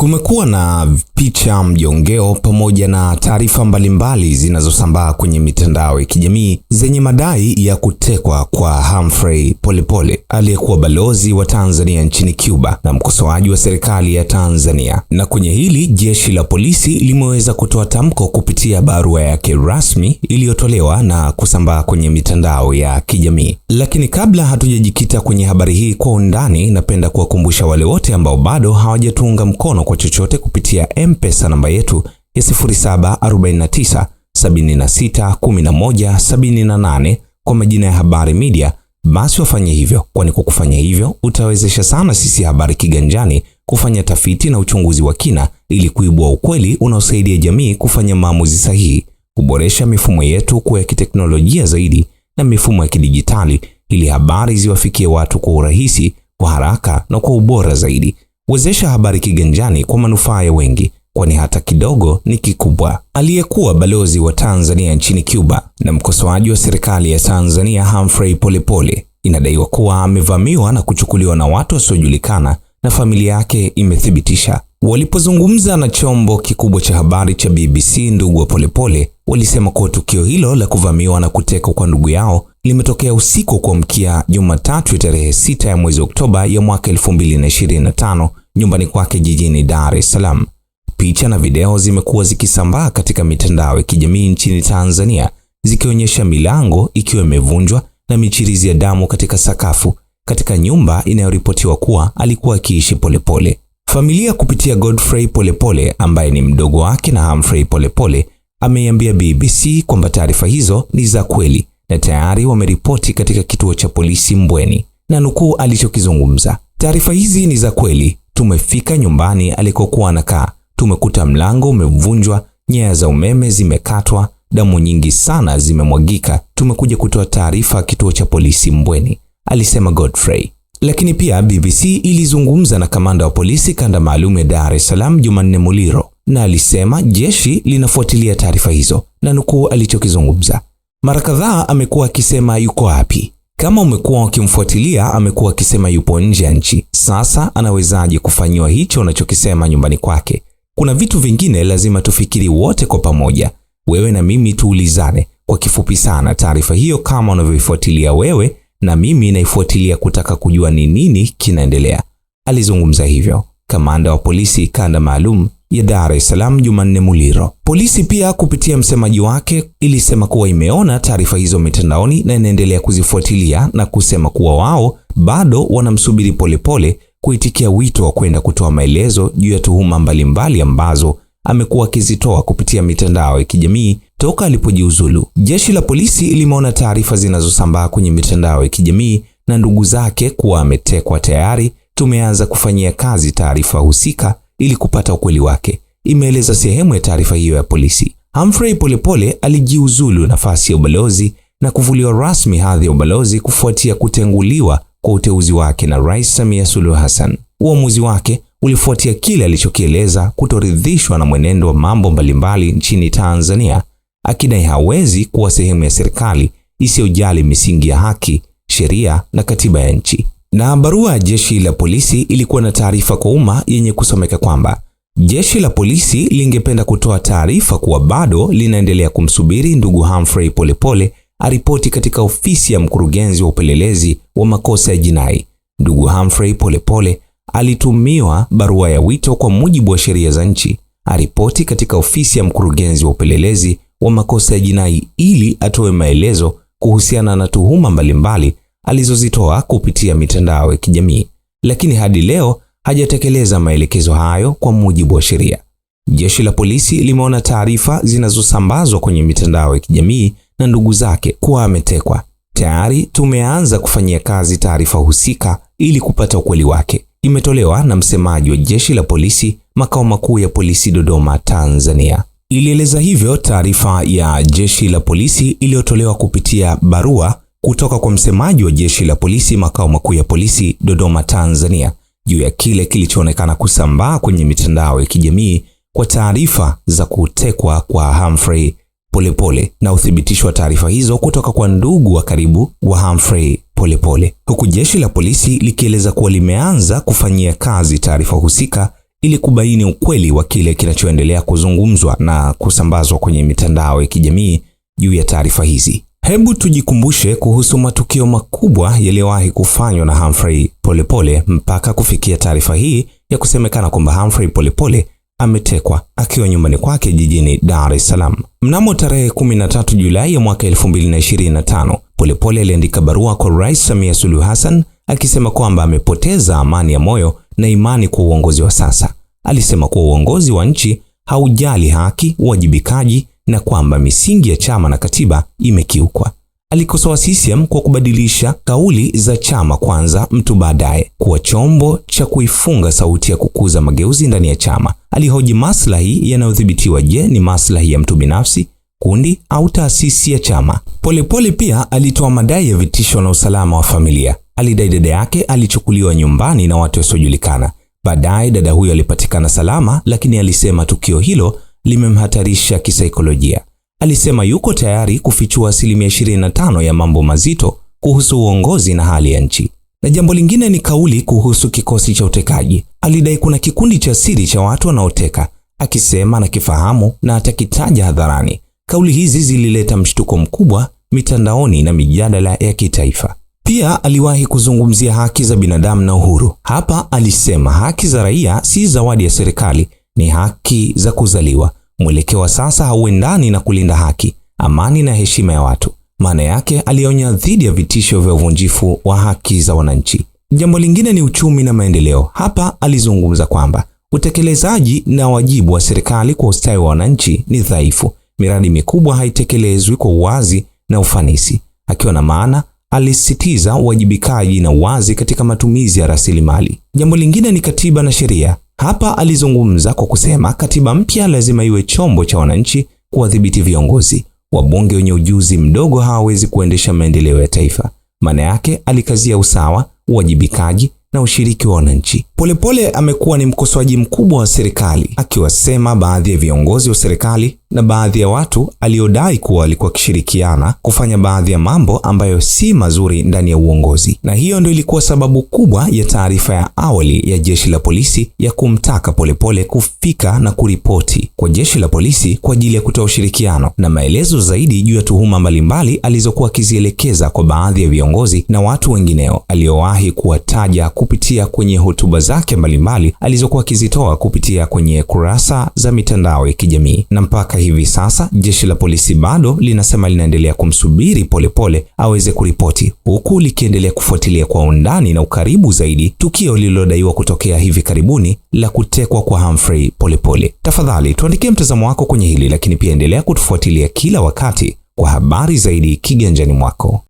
Kumekuwa na picha mjongeo pamoja na taarifa mbalimbali zinazosambaa kwenye mitandao ya kijamii zenye madai ya kutekwa kwa Humphrey Polepole aliyekuwa balozi wa Tanzania nchini Cuba na mkosoaji wa serikali ya Tanzania. Na kwenye hili jeshi la polisi limeweza kutoa tamko kupitia barua yake rasmi iliyotolewa na kusambaa kwenye mitandao ya kijamii. Lakini kabla hatujajikita kwenye habari hii kwa undani, napenda kuwakumbusha wale wote ambao bado hawajatunga mkono kwa chochote kupitia M-Pesa namba yetu ya 0749 kwa majina ya Habari Media, basi wafanye hivyo, kwani kwa kufanya hivyo utawezesha sana sisi Habari Kiganjani kufanya tafiti na uchunguzi wa kina ili kuibua ukweli unaosaidia jamii kufanya maamuzi sahihi, kuboresha mifumo yetu kuwa ya kiteknolojia zaidi na mifumo ya kidijitali ili habari ziwafikie watu kwa urahisi, kwa haraka na kwa ubora zaidi. Wezesha habari kiganjani kwa manufaa ya wengi, kwani hata kidogo ni kikubwa. Aliyekuwa balozi wa Tanzania nchini Cuba na mkosoaji wa serikali ya Tanzania Humphrey Polepole inadaiwa kuwa amevamiwa na kuchukuliwa na watu wasiojulikana na familia yake imethibitisha. Walipozungumza na chombo kikubwa cha habari cha BBC, ndugu wa Polepole walisema kuwa tukio hilo la kuvamiwa na kutekwa kwa ndugu yao limetokea usiku wa kuamkia Jumatatu ya tarehe 6 ya mwezi Oktoba ya mwaka 2025 nyumbani kwake jijini Dar es Salaam. Picha na video zimekuwa zikisambaa katika mitandao ya kijamii nchini Tanzania zikionyesha milango ikiwa imevunjwa na michirizi ya damu katika sakafu katika nyumba inayoripotiwa kuwa alikuwa akiishi Polepole. Familia kupitia Godfrey Polepole ambaye ni mdogo wake na Humphrey Polepole ameiambia BBC kwamba taarifa hizo ni za kweli na tayari wameripoti katika kituo cha polisi Mbweni na nukuu alichokizungumza. Taarifa hizi ni za kweli. Tumefika nyumbani alikokuwa anakaa, tumekuta mlango umevunjwa, nyaya za umeme zimekatwa, damu nyingi sana zimemwagika. Tumekuja kutoa taarifa kituo cha polisi Mbweni, alisema Godfrey. Lakini pia BBC ilizungumza na kamanda wa polisi kanda maalum ya Dar es Salaam Jumanne Muliro, na alisema jeshi linafuatilia taarifa hizo, na nukuu alichokizungumza. Mara kadhaa amekuwa akisema yuko wapi kama umekuwa ukimfuatilia, amekuwa akisema yupo nje ya nchi. Sasa anawezaje kufanyiwa hicho unachokisema nyumbani kwake? Kuna vitu vingine lazima tufikiri wote kwa pamoja, wewe na mimi tuulizane. Kwa kifupi sana, taarifa hiyo kama unavyoifuatilia wewe na mimi naifuatilia kutaka kujua ni nini kinaendelea. Alizungumza hivyo kamanda wa polisi kanda maalum ya Dar es Salaam Jumanne Muliro. Polisi pia kupitia msemaji wake ilisema kuwa imeona taarifa hizo mitandaoni na inaendelea kuzifuatilia na kusema kuwa wao bado wanamsubiri Polepole kuitikia wito wa kwenda kutoa maelezo juu ya tuhuma mbalimbali ambazo amekuwa akizitoa kupitia mitandao ya kijamii toka alipojiuzulu. Jeshi la polisi limeona taarifa zinazosambaa kwenye mitandao ya kijamii na ndugu zake kuwa ametekwa tayari. Tumeanza kufanyia kazi taarifa husika ili kupata ukweli wake, imeeleza sehemu ya taarifa hiyo ya polisi. Humphrey Polepole alijiuzulu nafasi ya ubalozi na kuvuliwa rasmi hadhi ya ubalozi kufuatia kutenguliwa kwa uteuzi wake na Rais Samia Suluhu Hassan. Uamuzi wake ulifuatia kile alichokieleza kutoridhishwa na mwenendo wa mambo mbalimbali nchini Tanzania, akidai hawezi kuwa sehemu ya serikali isiyojali misingi ya haki, sheria na katiba ya nchi. Na barua ya jeshi la polisi ilikuwa na taarifa kwa umma yenye kusomeka kwamba jeshi la polisi lingependa kutoa taarifa kuwa bado linaendelea kumsubiri ndugu Humphrey Polepole aripoti katika ofisi ya mkurugenzi wa upelelezi wa makosa ya jinai. Ndugu Humphrey Polepole alitumiwa barua ya wito kwa mujibu wa sheria za nchi aripoti katika ofisi ya mkurugenzi wa upelelezi wa makosa ya jinai ili atoe maelezo kuhusiana na tuhuma mbalimbali alizozitoa kupitia mitandao ya kijamii, lakini hadi leo hajatekeleza maelekezo hayo kwa mujibu wa sheria. Jeshi la polisi limeona taarifa zinazosambazwa kwenye mitandao ya kijamii na ndugu zake kuwa ametekwa. Tayari tumeanza kufanyia kazi taarifa husika ili kupata ukweli wake. Imetolewa na msemaji wa jeshi la polisi makao makuu ya polisi Dodoma, Tanzania. Ilieleza hivyo taarifa ya jeshi la polisi iliyotolewa kupitia barua kutoka kwa msemaji wa jeshi la polisi makao makuu ya polisi Dodoma, Tanzania, juu ya kile kilichoonekana kusambaa kwenye mitandao ya kijamii kwa taarifa za kutekwa kwa Humphrey Polepole na uthibitisho wa taarifa hizo kutoka kwa ndugu wa karibu wa Humphrey Polepole, huku jeshi la polisi likieleza kuwa limeanza kufanyia kazi taarifa husika ili kubaini ukweli wa kile kinachoendelea kuzungumzwa na kusambazwa kwenye mitandao ya kijamii juu ya taarifa hizi. Hebu tujikumbushe kuhusu matukio makubwa yaliyowahi kufanywa na Humphrey Polepole mpaka kufikia taarifa hii ya kusemekana kwamba Humphrey Polepole ametekwa akiwa nyumbani kwake jijini Dar es Salaam. Mnamo tarehe 13 Julai ya mwaka 2025, Polepole aliandika barua kwa Rais Samia Suluhu Hassan akisema kwamba amepoteza amani ya moyo na imani kwa uongozi wa sasa. Alisema kuwa uongozi wa nchi haujali haki, uwajibikaji na kwamba misingi ya chama na katiba imekiukwa. Alikosoa CCM kwa kubadilisha kauli za chama kwanza mtu baadaye kuwa chombo cha kuifunga sauti ya kukuza mageuzi ndani ya chama. Alihoji maslahi yanayodhibitiwa, je, ni maslahi ya mtu binafsi, kundi au taasisi ya chama? Polepole pia alitoa madai ya vitisho na usalama wa familia. Alidai dada yake alichukuliwa nyumbani na watu wasiojulikana. Baadaye dada huyo alipatikana salama, lakini alisema tukio hilo limemhatarisha kisaikolojia. Alisema yuko tayari kufichua asilimia 25 ya mambo mazito kuhusu uongozi na hali ya nchi. Na jambo lingine ni kauli kuhusu kikosi cha utekaji. Alidai kuna kikundi cha siri cha watu wanaoteka, akisema anakifahamu na atakitaja hadharani. Kauli hizi zilileta mshtuko mkubwa mitandaoni na mijadala ya kitaifa. Pia aliwahi kuzungumzia haki za binadamu na uhuru. Hapa alisema haki za raia si zawadi ya serikali, ni haki za kuzaliwa. Mwelekeo wa sasa hauendani na kulinda haki, amani na heshima ya watu. Maana yake alionya dhidi ya vitisho vya uvunjifu wa haki za wananchi. Jambo lingine ni uchumi na maendeleo. Hapa alizungumza kwamba utekelezaji na wajibu wa serikali kwa ustawi wa wananchi ni dhaifu, miradi mikubwa haitekelezwi kwa uwazi na ufanisi. Akiwa na maana, alisisitiza uwajibikaji na uwazi katika matumizi ya rasilimali. Jambo lingine ni katiba na sheria. Hapa alizungumza kwa kusema katiba mpya lazima iwe chombo cha wananchi kuwadhibiti viongozi. Wabunge wenye ujuzi mdogo hawawezi kuendesha maendeleo ya taifa. Maana yake alikazia usawa, uwajibikaji na ushiriki wa wananchi. Polepole amekuwa ni mkosoaji mkubwa wa serikali, akiwasema baadhi ya viongozi wa serikali na baadhi ya watu aliodai kuwa walikuwa wakishirikiana kufanya baadhi ya mambo ambayo si mazuri ndani ya uongozi, na hiyo ndio ilikuwa sababu kubwa ya taarifa ya awali ya jeshi la polisi ya kumtaka Polepole kufika na kuripoti kwa jeshi la polisi kwa ajili ya kutoa ushirikiano na maelezo zaidi juu ya tuhuma mbalimbali alizokuwa akizielekeza kwa baadhi ya viongozi na watu wengineo aliowahi kuwataja kupitia kwenye hotuba zake mbalimbali alizokuwa akizitoa kupitia kwenye kurasa za mitandao ya kijamii. Na mpaka hivi sasa jeshi la polisi bado linasema linaendelea kumsubiri Polepole aweze kuripoti, huku likiendelea kufuatilia kwa undani na ukaribu zaidi tukio lililodaiwa kutokea hivi karibuni la kutekwa kwa Humphrey Polepole. Tafadhali tuandikie mtazamo wako kwenye hili, lakini pia endelea kutufuatilia kila wakati kwa habari zaidi kiganjani mwako.